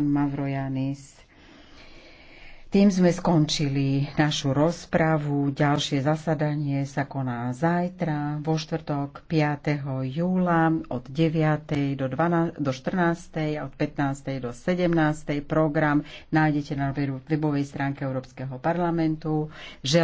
pán Mavrojanis. Tým sme skončili našu rozpravu. Ďalšie zasadanie sa koná zajtra, vo štvrtok 5. júla od 9. do, 12, do 14. a od 15. do 17. Program nájdete na webovej stránke Európskeho parlamentu.